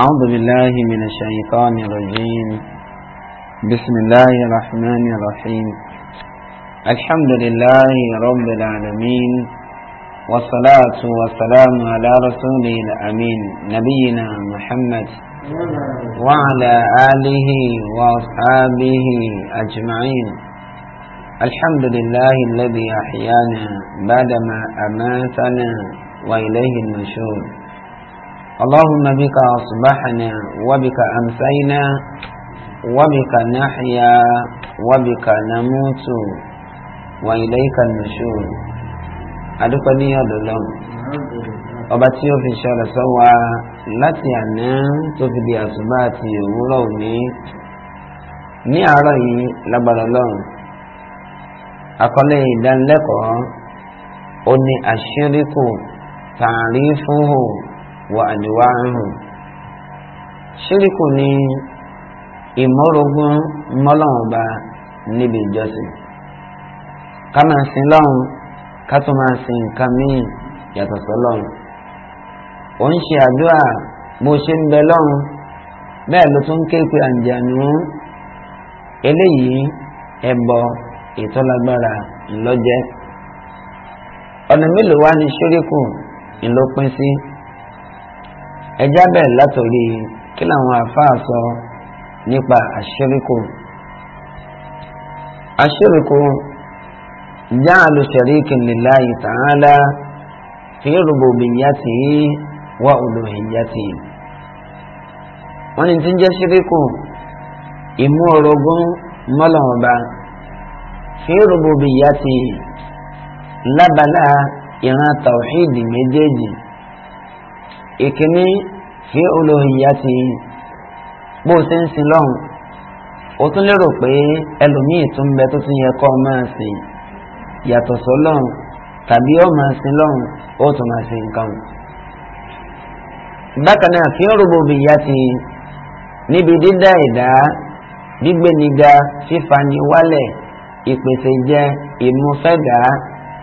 أعوذ بالله من الشيطان الرجيم بسم الله الرحمن الرحيم الحمد لله رب العالمين والصلاة والسلام على رسوله الأمين نبينا محمد وعلى آله وأصحابه أجمعين الحمد لله الذي أحيانا بعدما أماتنا وإليه النشور اللهم بك أصبحنا وبك أمسينا وبك نحيا وبك نموت وإليك النشور adúpẹ́ ní ọ̀dọ̀ lọ́wọ́ ọba tí ó fi ṣọlẹ̀ sọ́wọ́ láti àná tó fi di àsùbá àti òwúrọ̀ òní ní àárọ̀ yìí lágbára lọ́wọ́ àkọlé ìdánilẹ́kọ̀ọ́ ó ní àṣírí kù tààrí fún hù wa àníwá àrùn ṣíríkù ní ìmọ̀rogún mọ́lọ́mọba níbi ìjọsìn ká máa sin lọ́run ká tún máa sin nǹkan míì yàtọ̀ sọ́lọ́run ò ń ṣe àdúrà bó ṣe ń bẹ lọ́run bẹ́ẹ̀ ló tún ké pe àǹjànú eléyìí ẹbọ ìtọ́lágbára ńlọ́jẹ́ ọ̀nà mélòó wá ní ṣíríkù ńlọpin sí. Si ẹjá bẹ̀rẹ̀ látòrí kí làwọn afáà sọ nípa àṣírìkù àṣírìkù ja'alu sharikin lillahi ta'ala fi rububiyyatihi wa uluhiyyatihi wọ́n ni tí ń jẹ́ ṣírìkù ìmú orogún mọ́lọ́mọba fi rububiyyatihi lábala ìran tàwíìdì méjèèjì. ìkíní fi olóhìyàtì bó ṣe ń sin lọ́hùn ó tún lérò pé ẹlòmíì tún bẹ tó tún yẹ kọ́ ọ máa sìn yàtọ̀ sọ́lọ́hùn tàbí ọ máa sin lọ́hùn ó tún máa sin nǹkan. bákan náà fi rububiyati níbi dídá ẹ̀dá gbígbéniga fífani wálẹ̀ ìpèsè jẹ ìmúfẹ́dá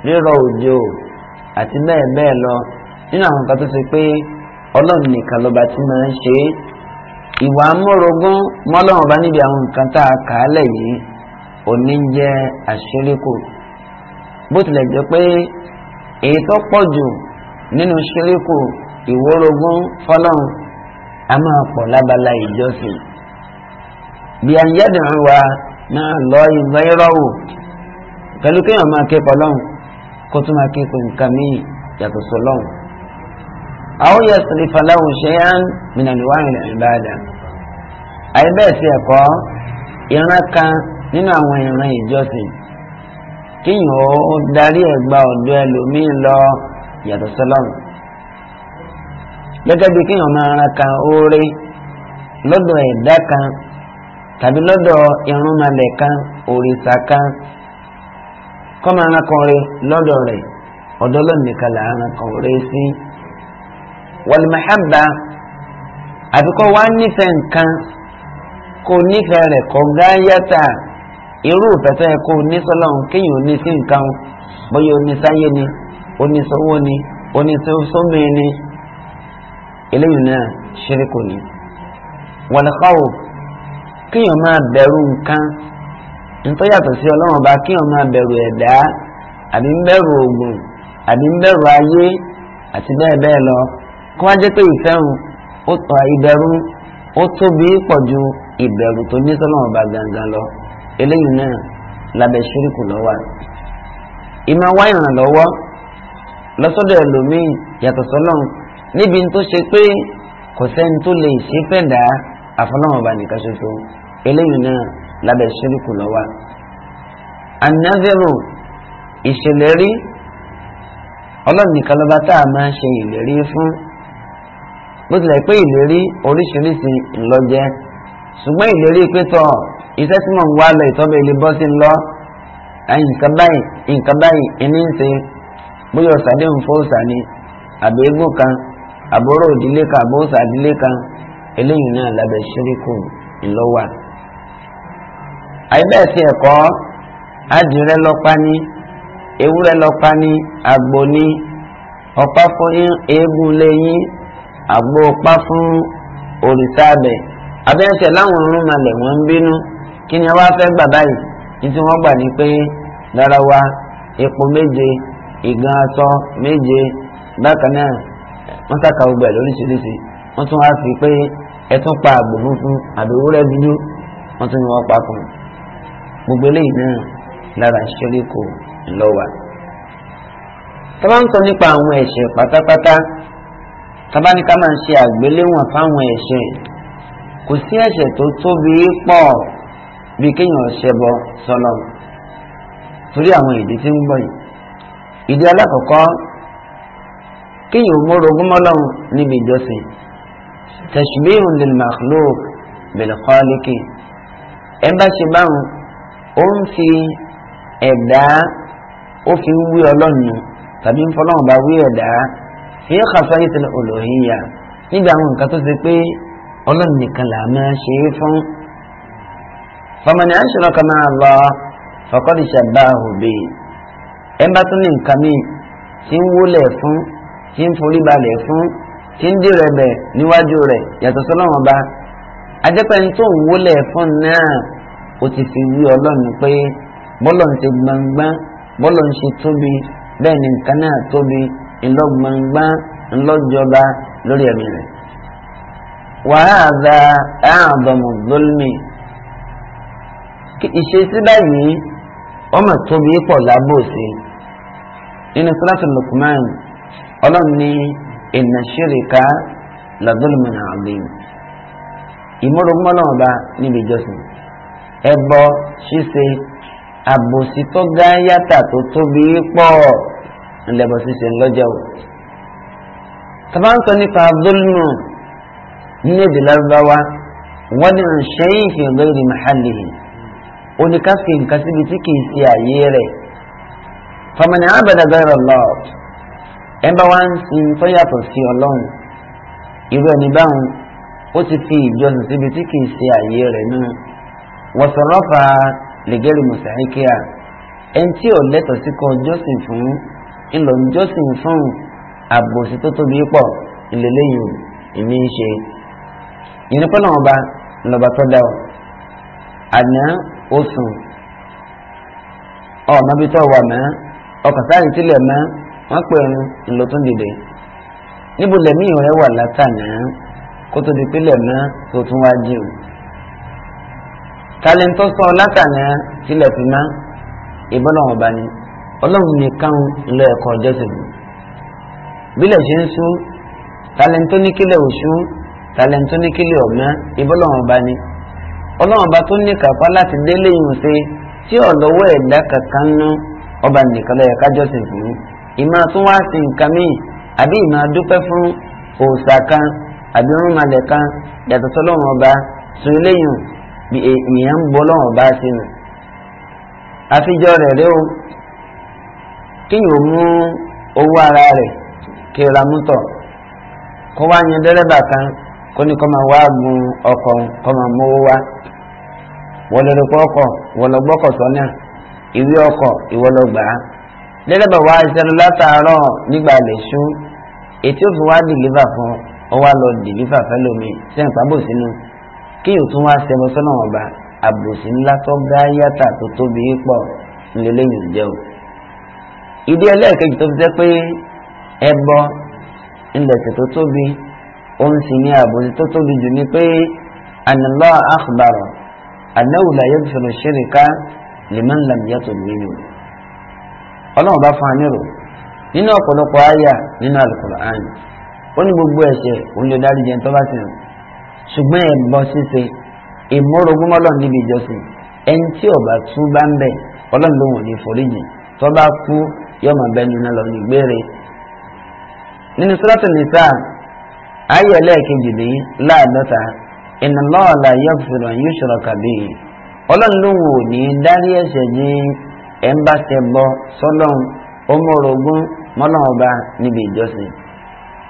rírọ̀ òjò àti bẹ́ẹ̀ bẹ́ẹ̀ lọ nínú àwọn kan tó ṣe pé ọlọ́run nìkan lọ́ba tí máa ń ṣe é ìwà amúrogún mọ́lọ́run bá níbi àwọn nǹkan tá a kà á lẹ̀ yìí òní ń jẹ́ àṣíríkù bó tilẹ̀ jẹ́ pé èyí tó pọ̀ jù nínú ṣíríkù ìwórogún fọlọ́run a máa pọ̀ lábala ìjọsìn bí a ń yẹ́dùn wa náà lọ ìgbà ìrọ̀wò pẹ̀lú kéèyàn máa ké pọ̀ lọ́hùn kó tún máa ké pé nǹkan míì yàtọ̀ sọ lọ́hùn. aw yasrifa lahu shay'an min anwa'i al-ibada àìbẹ́ẹ̀ tí ẹ̀kọ́ ìran kan nínú àwọn ìran ìjọsìn kíyàn ó darí ẹ̀gbà ọ̀dọ́ ẹlòmíín lọ yàtọ̀ sọlọ́run gẹ́gẹ́ bí oore lọ́dọ̀ ẹ̀dá kan tàbí lọ́dọ̀ irúnmalẹ̀ kan òrìṣà kan kọ́ máa wàlùmọ̀hábà àfikọ́ wa nífẹ̀ẹ́ nǹkan kò nífẹ̀ẹ́ rẹ̀ kọ́ gáyàtà irú ìfẹ́tọ́ yẹ kó onísọ́lọ́hún kéèyàn oní sí nǹkan bóyá onísáyé ni onísọ́wọ́ ni onísọ́mìn ni eléyìí náà ṣíríkù ni. wàlùkọ́wò kéèyàn máa bẹ̀rù nǹkan nítorí yàtọ̀ sí ọlọ́run ọba kéèyàn máa bẹ̀rù ẹ̀dá àbí ń bẹ̀rù ògùn àbí ń bẹ̀rù ayé àti bẹ́ẹ̀ bẹ́ẹ̀ lọ kó wá jẹ́ pé ìfẹ́hùn ìbẹ̀rù ó tóbi pọ̀ ju ìbẹ̀rù tó ní sọ́nà ọba gangan lọ eléyìí náà lábẹ́ ṣíríkù lọ́wọ́ ìmọ̀ wá ìrànlọ́wọ́ lọ́sọ́dọ̀ ẹlòmíì yàtọ̀ sọ́nà níbi tó ṣe pé kò sẹ́ni tó lè ṣe fẹ́ dá àfọlọ́mọba nìkan ṣoṣo eléyìí náà lábẹ́ ṣíríkù lọ́wọ́ anadẹ́rù ìṣèlérí ọlọ́ọ̀nìkan lọ́ba tá a máa ṣe ìlérí fún bó tilẹ̀ pé ìlérí oríṣiríṣi ńlọjẹ ṣùgbọ́n ìlérí pétọ́ iṣẹ́ tí mò ń wá lọ ìtọ́bẹ̀ ilé bọ́ sí ńlọ nǹkan báyìí nǹkan báyìí ń ṣe bóyá ọ̀sàdé ń fọ́ àbẹ̀ kan àbúrò òdílé kan àbúrò òsàdílé kan eléyìí náà lábẹ́ ṣíríkù ńlọ́wà. àìbẹ́ẹ̀ sí àgbo pa fún òrìṣà bẹ̀ abẹ́sẹ̀ láwọn ọ̀run malẹ̀ wọ́n ń bínú kí ni wọ́n fẹ́ gbà báyìí ní tí wọ́n gbà ní pé lára wa epo méje ìgan aṣọ méje bákan náà wọ́n sàkà gbogbo ẹ̀ lóríṣiríṣi wọ́n tún wá fi pé ẹ tún pa àgbò funfun àbí rẹ dúdú wọ́n tún ní wọ́n pa fún gbogbo eléyìí náà lára ìṣẹ́lẹ̀ kò lọ́wà. tọ́wọ́n ń sọ nípa àwọn ẹ̀ṣẹ̀ pátápátá. tabani ká máa ń ṣe àgbéléwọ̀n fáwọn ẹ̀ṣẹ̀ kò sí ẹ̀ṣẹ̀ tó tóbi pọ̀ bí kéèyàn ṣẹbọ sọlọ torí àwọn ìdí tí ń bọ̀ yìí ìdí alákọ̀ọ́kọ́ kéèyàn mórogún mọ́lọ́run níbi ìjọsìn tashbihun lil makhluq bil ẹ bá ṣe báwọn ó ń fi ẹ̀dá ó fi ń wí ọlọ́run tàbí ń fọlọ́run bá wí ẹ̀dá fi khasaisil uluhiyya níbi àwọn nǹkan tó ṣe pé ọlọ́run nìkan là máa ṣe é fún. famani ashraka ma'a Allah faqad shabbahu bi ẹ bá tún ní nǹkan míì tí ń wólẹ̀ fún tí ń forí balẹ̀ fún tí ń dìrẹ̀ bẹ̀ níwájú rẹ̀ yàtọ̀ sọ́lọ́run ọba ajẹ́pẹ́ tó ń wólẹ̀ fún náà ó ti fi wí ọlọ́run pé bọ́lọ̀ ń ṣe gbangban bọ́lọ̀ ń ṣe tóbi bẹ́ẹ̀ ni nǹkan náà tóbi ńlọgbọngbọn ńlọjọba lórí ẹ̀mí rẹ̀ wàhálà àádọ́mù lólùmí ìṣesí báyìí wọ́n tóbi pọ̀ lábòsí nínú sọ́láṣí Luqman ọlọ́run ní inna shirka la zulmun ọba nibe níbi ìjọsìn ẹbọ ṣíṣe àbòsí tó gáyàtà tó tóbi pọ̀. ńlẹ́bọ̀ ṣíṣe ńlọ́jà o. tàbá ń sọ nípa zulmu nínú èdè lárúbáwá wọ́n ní ṣẹ́yìn fi lórí mahalihi oníkàfin nǹkan síbi tí kìí ṣe àyè rẹ̀ famani abada gbẹrẹ lọ ẹ bá wá ń sin tó yàtọ̀ sí ọlọ́run irú ẹni báwọn ó ti fi ìjọsìn síbi tí kìí ṣe àyè rẹ̀ náà wọ́n sọ̀rọ̀ fa lẹ́gẹ́rì mùsàákíà ẹni tí ò lẹ́tọ̀ọ́ sí kọ́ ọjọ́sìn fún ńlọ ìjọsìn fún àbòsí tó tóbi pọ̀ ìlélẹ́yìn ìmí ń ṣe ìnípọ́nà ọba ńlọba tó dá ọ àná oṣù ọ̀ọ́mọbi tó wà mọ́ ọkàn sáré tilẹ̀ mọ́ wọ́n pè ń ńlọ tún dìde níbo lẹ́mí rẹ̀ wà látànà kó tó di pílẹ̀ mọ́ tó tún wá jí o tálẹ́ńtọ́sọ látànà tilẹ̀ fi mọ́ ìbọ́nà ọba ni ọlọ́run nìkan lọ ẹ̀kọ́ joseph bílẹ̀ ṣe ń sú tàlẹ́ntó ní kílẹ̀ òṣù tàlẹ́ntó ní kílẹ̀ ọ̀gbọ́n ìbọ́lọ́wọ́n bá ní ọlọ́run bá tó ní kápá láti délé yìí ṣe tí ọ̀lọ́wọ́ ẹ̀dá kankan ná ọba nìkan lọ ẹ̀ka joseph ní ìmọ̀ tó wá sí nǹkan míì àbí ìmọ̀ dúpẹ́ fún òòṣà kan àbí rúnmalẹ̀ kan yàtọ̀ kínyìn ò mú owó ara rẹ̀ kí ra mútọ̀ kó wá yẹn dẹ́rẹ́bà kan kó ní kó máa wá gun ọkọ̀ kó máa mówó wá wọlọ́dọ̀pọ̀ ọkọ̀ wọlọ́gbọ́kọ̀ sọ́nà ìwé ọkọ̀ ìwọlọ́gbà dẹ́rẹ́bà wá ìṣẹ́nu látàárọ̀ nígbà lè ṣú ètí òfin wá dìlífà fún ọ wá lọ dìlífà fẹ́lómi sẹ́yìn pábò sínú kínyìn tún wá ṣẹbọ sọ́nà àbòsí ńlá tó gáyàtà tó o. ìdí ẹlẹ́ẹ̀kejì tó fi jẹ́ pé ẹbọ ńlẹ̀sẹ̀ tó tóbi òun sì ní àbòsí tó tóbi jù ni pé ànàlọ́ àkùbàrọ̀ àdáwùlà yóò fẹ̀rẹ̀ ṣẹ́ríkà lèmọ́n làmìyàtọ̀ nínú ọlọ́run bá fún anírò nínú ọ̀pọ̀lọpọ̀ àyà nínú Al-Qur'an ó ní gbogbo ẹ̀ṣẹ̀ òun lè dárí jẹun tó bá sì rìn ṣùgbọ́n ẹbọ ṣíṣe ìmọ̀rọ̀gbọ́mọ́lọ́ níbi ìjọsìn ẹni tí ó tún bá ń bẹ̀ ọlọ́run ló wọ̀n ní foríjì tó bá kú yóò máa bẹ́ẹ̀ nínú lọ ní gbére. nínú sọ́tò nìta ayé ẹlẹ́ẹ̀kejì lè láàdọ́ta iná lọ́ọ̀la yóò fìrò yóò ṣòro kàbí ọlọ́nlọ́wọ́ ò ní dárí ẹ̀ṣẹ̀ jí ẹ̀ ń bá ṣe bọ́ sọ́lọ́n ọmọrogún mọ́lọ́ọ̀ba níbi ìjọsìn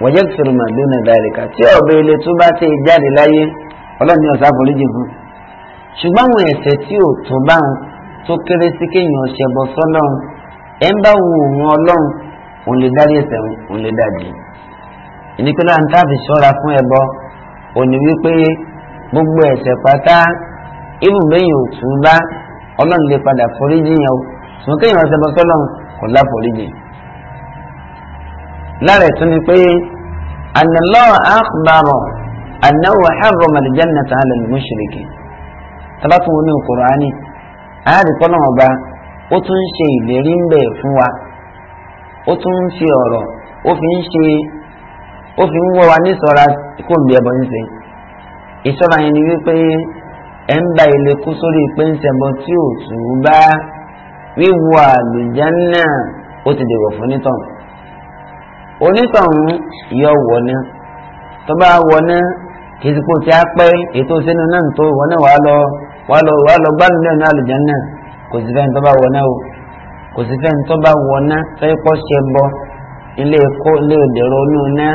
wọ́jẹ́ fìrò màdúnà dárìkà tí ọ̀bẹ ilé tó bá ti jáde láyé ọlọ́ni ọ̀sá àforíjì fún ṣùgbọ́n àwọn ẹ̀ṣẹ̀ tí ò tó bá tó kéré sí kéèyàn ṣẹbọ sọ́lọ́run ẹ ń bá wo òun ọlọ́run òun lè dárí ẹ̀ṣẹ̀ òun lè dájì ìnípínlẹ̀ àǹtá fi ṣọ́ra fún ẹbọ òní wípé gbogbo ẹ̀ṣẹ̀ pátá ibùgbẹ́yìn òtún bá ọlọ́run lè padà foríjì yẹn o sùn kéèyàn ọ̀sẹ̀ bọ́ sọ́lọ́run kò láforíjì lára ẹ̀ tún ni pé ànàlọ́ àkùbárọ̀ ànáwó àbọ̀ màlìjánà tààlà lùmúṣìrìkì tabatun wọn ní Kùránì àádìkọ́nà ọba ó tún ń ṣe ìlérí ń bẹ̀ fún wa ó tún ń fi ọ̀rọ̀ ó fi ń ṣe ó fi ń wọ́ wa níṣọ́ra kó ń bí ẹbọ ń ṣe ìṣọ́ra yẹn ni wípé ẹ̀ ń ba ilé kú sórí pé ń ṣẹbọ tí ò tù ú bá wíwọ àlùjánnà ó ti dèrò fún nítọ̀hún onítọ̀hún yọ wọ̀ ní tó bá wọ̀ ní kìsìkò tí a pẹ́ ètò sínú náà tó wọ̀ náà wà lọ wà lọ wà lọ gbádùn lẹ́nu àlùjánnà kò sí fẹ́ni tó bá wọná o kò sí fẹ́ni tó bá wọná tó yẹ kó ṣe bọ ilé kó ilé òde ronú ná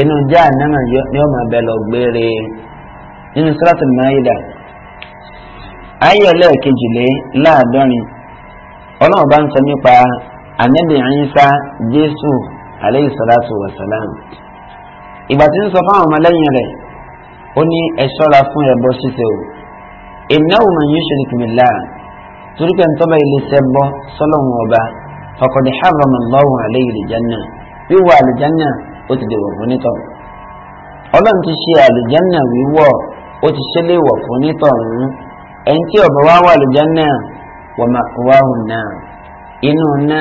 inú já ànámà ni ó máa bẹ lọ gbére nínú Suratul Maida ayé ẹlẹ́ẹ̀kejì lé láàdọ́rin ọlọ́run bá ń sọ nípa ànábì Ìsá Jésù aleyhi salatu wa salam ìgbà tí ń sọ fáwọn ọmọlẹ́yìn rẹ̀ ó ní ẹ ṣọ́ra fún ẹbọ ṣíṣe o innahu man yushrik billah torí pé ntọ́ba ilé sẹ́bọ́ sọ́lọ́hún ọba faqad harrama Allahu alayhi al-janna wíwọ̀ àlùjánà ó ti dèwọ̀ fún nítọ̀ ọlọ́run ti ṣe àlùjánà wíwọ̀ ó ti ṣe léwọ̀ fún nítọ̀ ọ̀hún ẹni tí ọba wá wà àlùjánà wa ma'wahu an-nar inú ná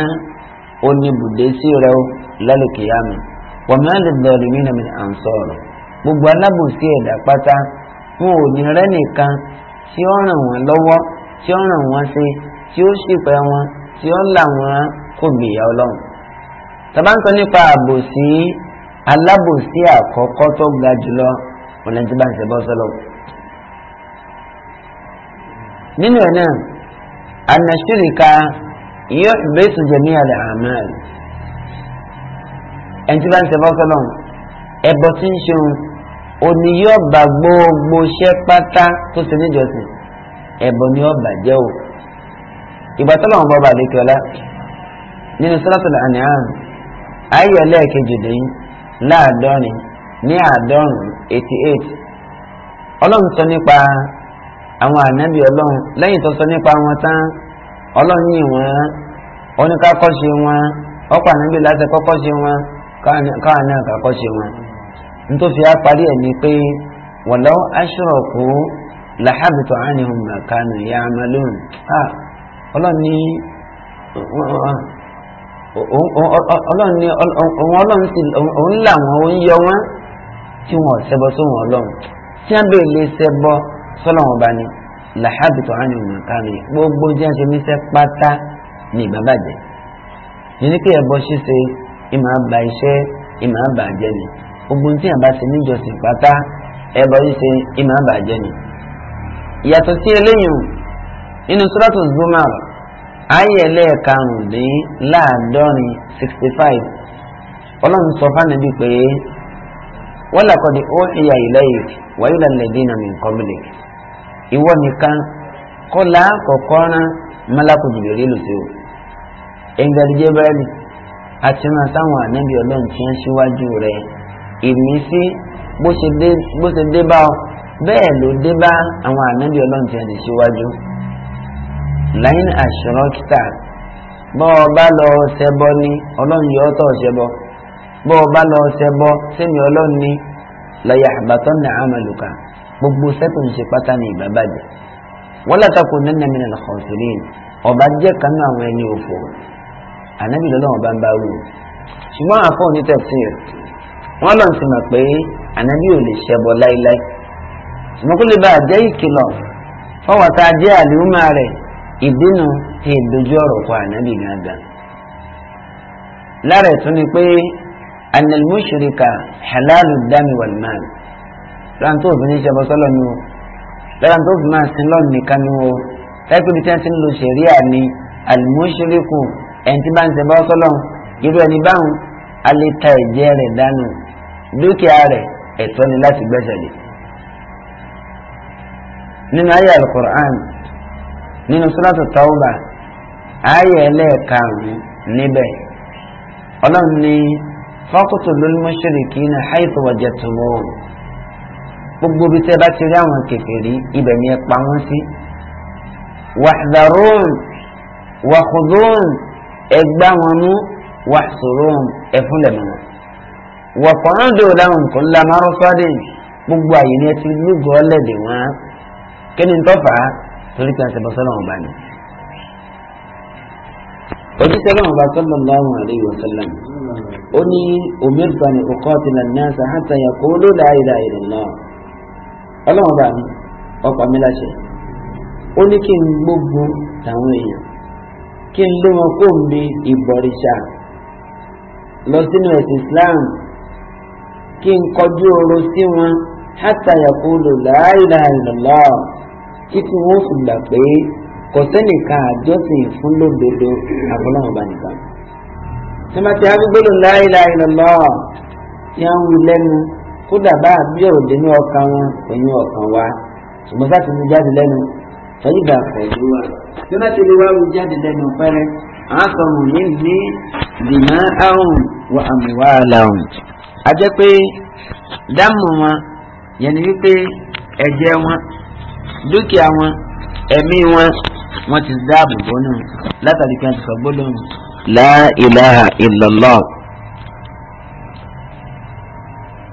ó ní bùdé sí rẹ ó lálùkìyàmù wa ma lidh-dhalimina min ansar gbogbo alábòsí ẹ̀dá pátá wọn ò ní rẹ́nìkan tí ó ràn wọ́n lọ́wọ́ tí ó ràn wọ́n sí tí ó ṣìpẹ̀ wọn tí ó là wọ́n kò gbìyà ọlọ́run. tàbá ń sọ nípa àbòsí alábòsí àkọ́kọ́ tó ga jùlọ ọ̀nà tí bá ń ṣe bọ́ sọ́lọ́. nínú ẹ̀ náà anasirika yóò bẹ́sù jẹ̀mí àlẹ́ àmọ́ ẹ̀ tí bá ń ṣe bọ́ sọ́lọ́ tí ń ṣeun òní yóò bá gbogbo ṣẹ́ pátá tó ṣe níjọ́sìn. ẹbọ ni ọba jẹ o ìgbà tó lọ́wọ́ bọ́ba àdékọ́lá nínú Suratul An'am ayé ẹlẹ́ẹ̀kejìdín láàdọ́rin ní àádọ́rùn-ún eighty eight ọlọ́run sọ nípa àwọn ànábì ọlọ́run lẹ́yìn tó sọ nípa wọn tán ọlọ́run yìn wọ́n oníkàkọ́ṣe wọn ọ̀pọ̀ ànábì láti kọ́kọ́ṣe wọn káwọn náà kàkọ́ṣe wọn ẹ̀ làhábìtò ánìhùn màkánù yá amálóhùn à ọlọ́run ní ni ní ọlọ́run ti òun là wọn òun yọ wọn tí wọn ṣẹbọ sóhun ọlọ́run tí wọn bèè lè ṣẹbọ sọlọ́run bá ní gbogbo ṣe pátá ní kí ẹbọ ṣíṣe ìmọ̀ àbá iṣẹ́ ìmọ̀ àbá jẹ́ ni tí bá ṣe níjọsìn pátá ẹbọ ṣíṣe ìmọ̀ àbá jẹ́ ni. yàtọ̀ sí eléyìí nínú sọ́dọ̀tù zumar ayé ẹlẹ́ẹ̀karùnléláàádọ́rin sixty five ọlọ́run sọ fánàbí pé wọ́n làkọ́dí ó ìyá ìlẹ́yìn wáyé lálẹ́dínà min qablik ìwọ nìkan kọ́lá kọ̀kọ́rán mẹ́lákù jìbìrì lòsí o ẹ̀ńgàdìjẹ́ bẹ́ẹ̀lì àti máa sáwọn ànábì ọlọ́run tí wọ́n ṣíwájú rẹ̀ ìmísí bó ṣe dé bá ọ bẹ́ẹ̀ ló dé bá àwọn ànábì ọlọ́run ti ẹ̀dẹ̀ síwájú lẹ́yìn àṣírọ́kítà bọ́ ọ bá lọ ṣẹbọ ní ọlọ́run yọ ọ́tọ̀ ṣẹbọ bọ́ ọ bá lọ ṣẹbọ sẹ́mi ọlọ́run ní lọ́yà àbátọ́ ní àmàlùkà gbogbo sẹ́kùn ṣe pátá ní ìbábàjẹ́ wọ́n látàkùn nínú ẹ̀mí nà kọ̀ọ̀sìrín ọba jẹ́ kanú àwọn ẹni òfò ànábì lọ́lọ́run bá ń bá wù ṣùgbọ́n àfọ̀ onítẹ̀síyẹ̀ wọ́n lọ́n ti mọ̀ pé ànábì ò lè ṣẹbọ láíláí ṣùgbọ́n kó lè bá àjẹ́ ìkìlọ̀ fọwọ́ tá a jẹ́ àdéhùnmá rẹ̀ ìdínà èdòjú ọ̀rọ̀ kọ ànábì gángan. lára ẹ̀tún ni pé anilmushirika halalu dami walmal lára tó fi ní ṣe bọ́sọ́ lọ́nu o lára tó fi máa sin lọ́nu nìkan ni o láìpẹ́ ibi tí wọ́n ti ń lo ṣẹ̀ríà ni alimushiriku ẹni tí bá ń ṣe bọ́sọ́ lọ́nu irú ẹni báwọn alẹ́ ta ẹ̀jẹ̀ rẹ̀ dànù dúkìá rẹ̀ ẹ̀tọ́ ni láti gbẹ́sẹ̀ lé nínú ayé alukur'an nínú suratu tauba ayé ẹlẹ́ẹ̀karùn-ún níbẹ̀ ọlọ́run ní faqtulul mushrikina haythu wajadtumuhum gbogbo bí tẹ́ bá ti rí àwọn kèfèrí ibẹ̀ ni ẹ pa wọ́n sí. wahdharun wakhudhun ẹgbá wọn mú wahsurun ẹfúnlẹ̀ mọ́ wọn. waq'udu gbogbo àyè ni ẹ ti lúgọ ọlẹ́dẹ̀ wọn kí ni tó fà á torí pé àti bọ́sọ́lá wọn bá ní. òjíṣẹ́ náà bá sọ́lọ́ láwọn àlẹ́ yóò sọ́lọ́ ó ní omirta ni ọkọ ti nà ní àṣà hàtà yà kó ló láàyè láàyè lọ́nà ọlọ́wọ́n bá mi ọkọ̀ mi láṣẹ ó ní kí n gbógun tàwọn èèyàn kí n ló wọn kó n bí ìbọ̀rìṣà lọ sínú ẹ̀sìn Islam kí n kọjú oró sí wọn hàtà yà kó ló láàyè láàyè lọ́nà títí wọn fi gbà pé kò sẹ́nìkan àjọsìn fún lódodo àfọlọ́wọ́n bá nìkan. sẹ́mátì agbègbè la ilaha illallah tí a ń wí lẹ́nu kódà bá àbíyọ̀ òde ní ọkàn wọn pẹ̀lú ọkàn wa ṣùgbọ́n sá ti mú jáde lẹ́nu fẹ́yìndà pẹ̀lú wa sẹ́mátì lè wá wú jáde lẹ́nu pẹ́rẹ́ àákọ̀mù ní ní dìmọ́ àrùn wọ àmì wà láwùn. a jẹ́ pé dáàmú wọn yẹn ni wípé ẹ̀jẹ̀ wọn dúkìá wọn ẹ̀mí wọn wọ́n ti dáàbò bọ́nù látàrí pé wọ́n ti sọ gbólóhùn la ilaha illallah.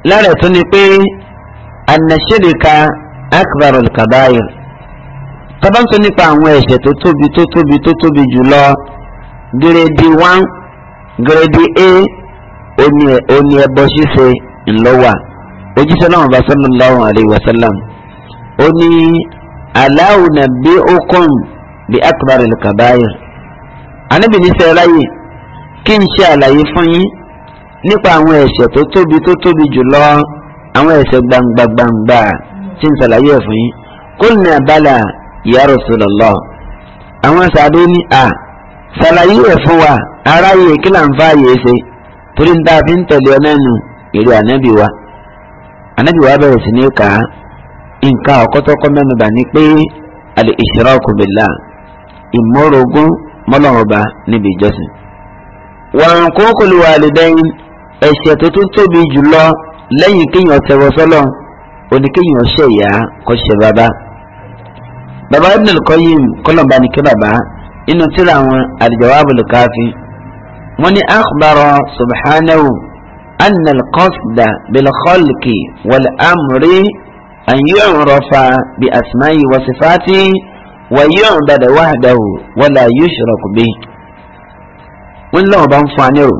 lára tó ni pé anashirika akbar al-kabair tọ́ba ń sọ nípa àwọn ẹ̀ṣẹ̀ tó tóbi tó tóbi tó tóbi jùlọ gírèdì one gírèdì a òní ẹbọ ṣíṣe ńlọ́wà ojúṣe náà bá sallallahu alaihi wasallam ó ní aláwò na bí ó kàn akbar al-kabair anabi níṣẹ́ kí n ṣe àlàyé fún yín nípa àwọn ẹ̀ṣẹ̀ tó tóbi tó tóbi jùlọ àwọn ẹ̀ṣẹ̀ gbangba gbangba tí n ṣàlàyé ẹ̀ fún yín qulna bala ya Rasulullah àwọn sàdé a ṣàlàyé ẹ̀ fún wa aráyè kí là ń fi ń tẹ̀lé ọ náà nù nǹkan àkọ́tọ́kọ́ mẹ́nu bà ní pé al-ishraku billah ìmọ̀rọ̀gún mọ́lọ́mọba níbi ìjọsìn. wọn kò kò lè wà lẹ́dẹ́yìn ẹ̀ṣẹ̀ tó tún tóbi jùlọ lẹ́yìn kéèyàn ṣẹ̀wọ́ sọ́lọ̀ òní kéèyàn ṣẹ̀ ìyá kò ṣẹ̀ bàbá. bàbá Ibn al-Qayyim kọ́lọ̀mbà ní kí bàbá inú tíra àwọn al-Jawabul Kafi wọ́n ní subhanahu anna al-qasda bil-khalqi wal-amri أن يعرف بأسمائه وصفاته ويعبد وحده ولا يشرك به wọ́n lọ́wọ́ bá ń fún anírò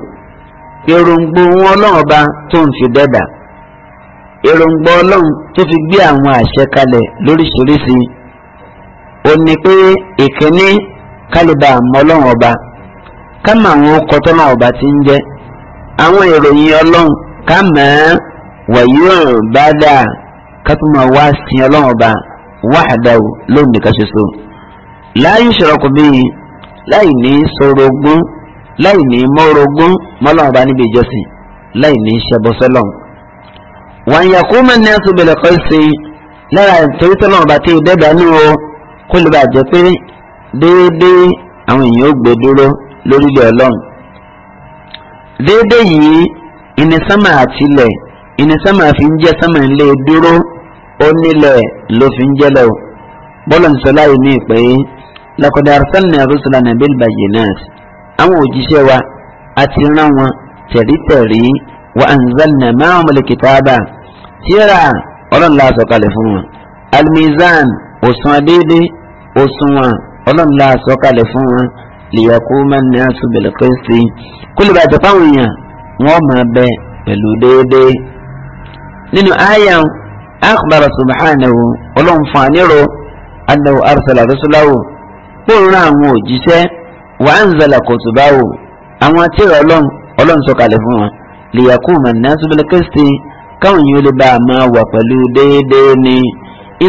èròǹgbò wọn lọ́wọ́ bá tó ń fi dẹ́dà èròǹgbò ọlọ́run tó fi gbé àwọn àṣẹ kalẹ̀ lóríṣiríṣi ó ní pé ìkíní kálíbà àmọ́ ọlọ́run ọba ká àwọn ọkọ̀ tọ́nà ọba ti ń jẹ́ àwọn ìròyìn ọlọ́run ká mọ̀ ọ̀rùn bá dáa kátùmọ̀ wá sí ọlọ́run ọba wahdahu lóun nìkan ṣoṣo la yushraku bihi láì ní sorogún láì ní mọ́rogún mọ́lọ́run ọba níbi ìjọsìn láì ní ṣẹbọsọ́lọ́n. wọ́n yà kó mọ̀ ní ẹ̀sùnbẹ̀lẹ̀ kọ́ sí i lára torí tọ́lọ́run ọba tí ì dẹ́gbà ní o kó lè bàjẹ́ pé déédéé àwọn èèyàn ó gbé dúró lórílẹ̀ ọlọ́run. déédéé yìí ìnísánmà àtilẹ̀ ìní sámà fi ń jẹ́ sámà ńlẹ̀ dúró ó nílẹ̀ ló fi ń jẹ́lẹ̀ o bọ́lá ń sọ láyé mi pé laqad arsalna rusulana bil bayyinat àwọn òjíṣẹ́ wa àti rán wọn tẹ̀rítẹ̀rí wa anzalna ma'ahumul kitaba tíra ọlọ́nla sọ̀kalẹ̀ fún wọn almizan òsùn adéédé òsùnwọ̀n ọlọ́nla sọ̀kalẹ̀ fún wọn liyaquma an-nasu bil qisti kólébàtà fáwọn èèyàn wọ́n máa bẹ pẹ̀lú déédéé nínú àyà akhbara subhanahu ọlọ́run fún anírò annahu arsala rasulahu kóòrùn àwọn òjíṣẹ́ wa anzala kutubahu àwọn tíra ọlọ́run ọlọ́run sọ̀kalẹ̀ fún wọn liyaquma an-nasu bil-qisti káwọn yìí ó lè bá a máa wà ni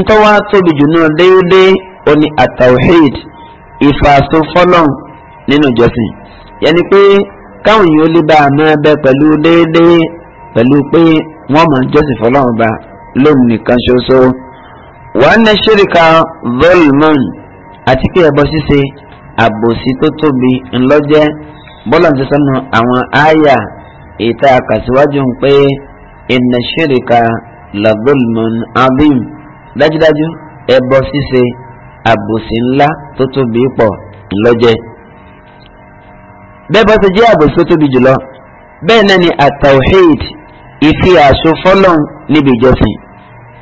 ntọ́wá tóbi jù náà déédéé ó ní at-tawhid ìfàsófọ́lọ́n nínú ìjọsìn yẹni pé káwọn yìí ó lè bá a máa bẹ pẹ̀lú wọ́n mọ̀ jọ́sìn fọlọ́run ba lóun nìkan ṣoṣo. wàá ná ṣèríkà volmon àti kí ẹbọ ṣíṣe àbòsí tó tóbi ńlọ́jẹ́ bọ́lá ń sọ́nù àwọn àyà ìta àkàsíwájú ń pé ìnà ṣèríkà lagolmon abim dájúdájú ẹbọ ṣíṣe àbòsí ńlá tó tóbi pọ̀ ńlọ́jẹ́. bẹ́ẹ̀ bá ṣe jẹ́ àbòsí tó tóbi jùlọ bẹ́ẹ̀ náà ni àtàwíhìd ìfi àṣọ fọlọ́n níbi ìjọsìn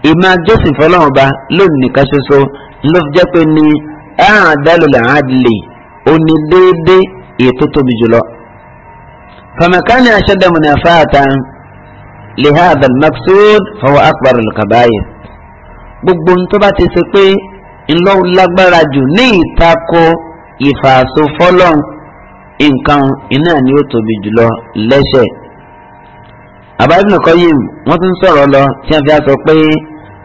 ìmọ̀ àjọsìn fọlọ́n ọba lónìí nìkan ṣoṣo ló fi jẹ́ pé ní àádọ́lọ́lẹ̀ àádìlẹ̀ òní déédé ètò tóbi jùlọ. fàmìkánì aṣọ́dàmùnì àfáàtà lihada maksud fọwọ́ akbar al-kabaye gbogbo ń tó bá ti ṣe pé ńlọ lágbára jù ní ìtakò ìfàṣọ fọlọ́n nǹkan iná ni ó tóbi jùlọ lẹ́sẹ̀ẹ́ àbáyébìnú kọ́ yìí wọ́n tún sọ̀rọ̀ lọ tí wọ́n fi sọ pé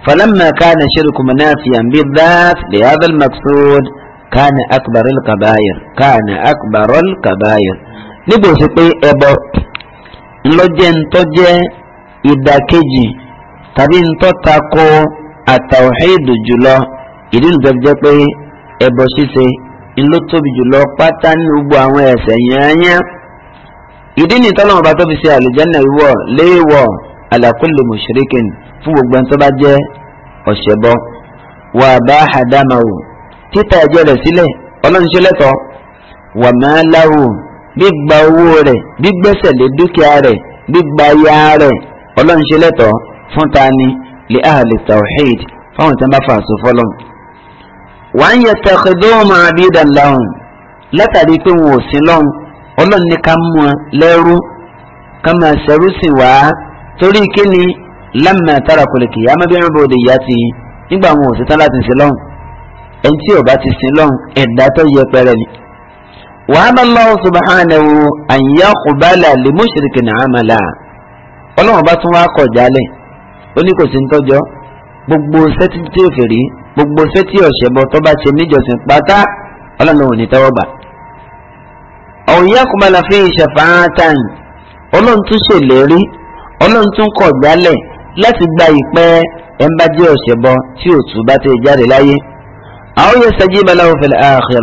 falamma kana shirku munafiyan bi dhat li hadha al maqsud kana akbarul kabayir kana akbarul kabayir níbo sí pé ẹbọ ńlọjẹ ńtọjẹ ìdàkejì tàbí ńtọ́tako àtàwọ̀hídù jùlọ ìdí nìkan jẹ́ pé ẹbọ ṣíṣe ńlọ jùlọ pátá ní gbogbo àwọn ẹ̀ṣẹ̀ yẹn yẹn ìdí ni tọ́lọ́mù bá tó fi ṣe àlùjánnà wíwọ̀ léèwọ̀ ala kulli mushrikin fún gbogbo ẹni tó bá jẹ́ ọ̀ṣẹ̀bọ wà bá àdámàwò títà ẹ̀jẹ̀ rẹ̀ sílẹ̀ ọlọ́nṣẹ́lẹ́tọ̀ wà máa láwù gbígba owó rẹ̀ gbígbẹ́sẹ̀ lé dúkìá rẹ̀ gbígba ya rẹ̀ ọlọ́nṣẹ́lẹ́tọ̀ fún tani li ahli tawhid fáwọn tí wọ́n bá fàṣọ fọlọ́ wà yẹ tẹ̀kídó máa bí dàn láwùn látàrí pé wọn ò sí lọ́hùn ọlọ́run ní ká mú ọ lẹ́rú ká máa ṣẹrú sìn wá torí kíni lámà tára kòlìkì yá máa bí ẹran bòde ìyá ti nígbà wọn ò ti tán láti sin lọ́hùn ẹni tí ọba ti sin lọ́hùn ẹ̀dá tó yẹ pẹrẹ ni. wàhálà lọ́wọ́ subahánahu àyà kùbálà lèmúṣìrìkì ní àmàlà ọlọ́run bá tún wá kọ̀ jálẹ̀ ó ní kò sí ń gbogbo sẹ́tí tí ò fèrè gbogbo sẹ́tí ọ̀ṣẹ́bọ tó bá ṣe níjọsìn pátá ọlọ́run ò ní tẹ́wọ́ gbà ọ̀húnyá kùmàlà fi ṣàfàátàn ọlọ́run tún ṣèlérí ọlọ́run tún kọ̀ gbálẹ̀ láti gba ìpẹ́ ẹ̀ńbàjẹ́ ọ̀ṣẹ̀bọ tí òtún bá ti jáde láyé. àwọn yẹn ṣàjì ìbálẹ̀ òfin àkìrọ̀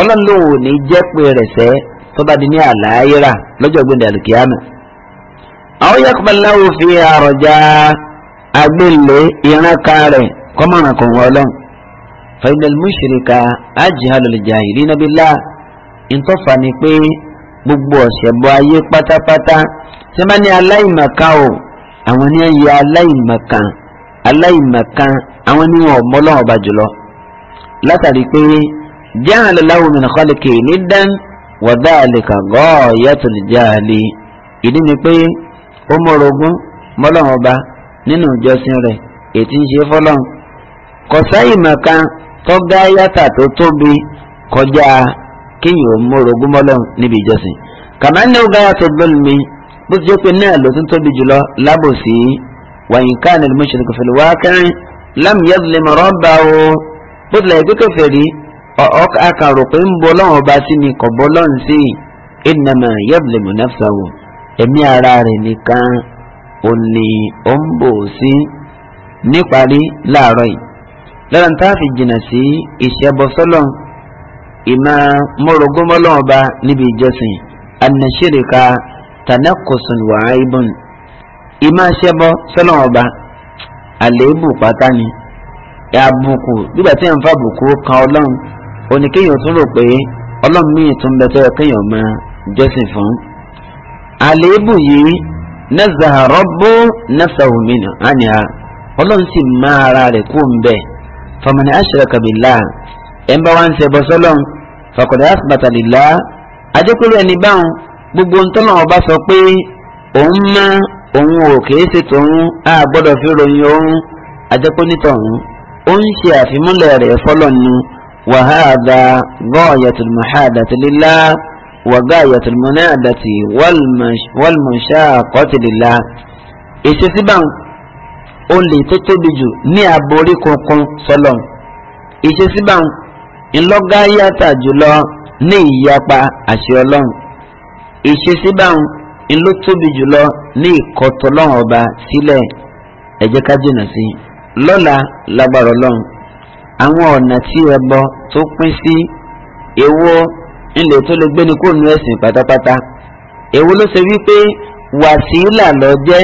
ọlọ́run ló wò ní jẹ́ pé rẹ̀ sẹ́ tó bá di ní àlàáyéra lọ́jọ́ gbẹ̀dẹ̀ àlùkìyàmù. àwọn yẹn kùmàlà òfin àròjà agbélé ìrànká rẹ̀ kọ́mọ̀ràn kò wọ́n lọ́n ntọ́fà ni pé gbogbo ọ̀ṣẹ̀bọ ayé pátápátá tí wọ́n bá ní aláìmọ̀kan o àwọn ní ẹ̀yẹ aláìmọ̀kan aláìmọ̀kan àwọn ní wọn ọ̀mọ́ lọ́wọ́ bá jùlọ látàrí pé jahal lahu min khalqi niddan wa dhalika ghayatul jahli ìdí ni pé ó mọ̀rọ̀gún mọ́lọ́wọ́ bá nínú ìjọsìn rẹ̀ ètí ń ṣe fọ́lọ́n kọ̀sáìmọ̀kan tó gáyàtà tó tóbi kọjá kéyìn ò mórogún mọ́lọ́n níbi ìjọsìn kàmá ní ọgá yàtọ̀ lónìí bó ti jẹ́ pé náà ló tún tóbi jùlọ lábòsí wàyìn káàní ló mọ̀ṣẹ́ kẹfẹ́ wá kẹrin lámìyá lè mọ̀ rọ́bà o bó tilẹ̀ yẹ kékeré fèrè ọkà rò pé ń bọ́ lọ́wọ́ bá sí ni kò bọ́ lọ́n sí ìnàmà yẹ́bùlẹ̀mù náfṣà o ẹ̀mí ara rẹ̀ nìkan ò ní ó ń bò sí níparí láàárọ̀ yìí lọ́dọ̀ tá a jìnnà sí ìṣẹ́bọ ima mọ́rọ̀gọ́mọ́lọ́ọ̀ba níbi ìjọsìn anàṣírìkà tanakusun wàhálìbùn ìmọ̀ ṣẹbọ sọlọ́ọ̀ba àléébù pátá ni àbùkù nígbà tí à ń kan ọlọ́run oníkéèyàn tún rò pé ọlọ́run míì tún bẹ tó kéèyàn máa jọ́sìn fún. àléébù yìí nazaha rabbu àníhà ọlọ́run sì máa ara rẹ̀ kú ń ẹ̀ ń bá wa ń ṣẹbọ sọ́lọ́n fàkọ̀dá àsìbàtà lìlá ajẹ́kúrò ẹni báwọn gbogbo ń tọ́nà ọba sọ pé òun má òun ò kìí ṣe tòun á gbọ́dọ̀ fi ròyìn òun ajẹ́kúnítọ̀hún ó ń ṣe àfimúlẹ̀ rẹ̀ fọlọ́nu wàhálà gọ́ọ̀yàtùl mọ̀hádàtì lílá wàgáyàtùl mọ̀nádàtì wọ́lmọ̀ṣáàkọ́tì lílá èsì síbà ó lè tó tóbi jù ní aborí kankan sọlọ́n èsì síbà ńlọ́gá yàtà jùlọ ní ìyapa àṣẹ ọlọ́run ìṣesíbáhùn ńlọ tóbi jùlọ ní ìkọ̀tọ̀ ọlọ́run ọba sílẹ̀ ẹ jẹ́ ká jìnnà sí i lọ́la lágbára ọlọ́run àwọn ọ̀nà tí ẹbọ tó pín sí èwo ńlẹ̀ tó lè gbéni kó nu ẹ̀sìn pátápátá èwo ló ṣe wípé wàsílà lọ jẹ́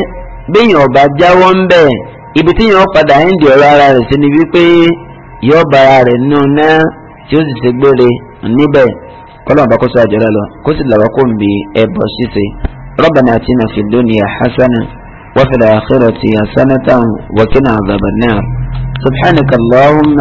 béèyàn ọba jáwọ́ ń bẹ̀ ibi tí yàn padà ń di ọ̀rọ̀ ara rẹ̀ sí ni wípé yọ̀ọ́ bara rẹ̀ nù náà. tí ó sì ti gbére níbẹ̀ kọ́lọ́n bá kó sọ àjọyọ̀ lọ kó sì làwọn kó ń bi ẹbọ ṣíṣe àkérò ti na Rabbana atina fid dunya hasana wa fil akhirati hasanatan wa qina naa subhanahu wa Allahumma.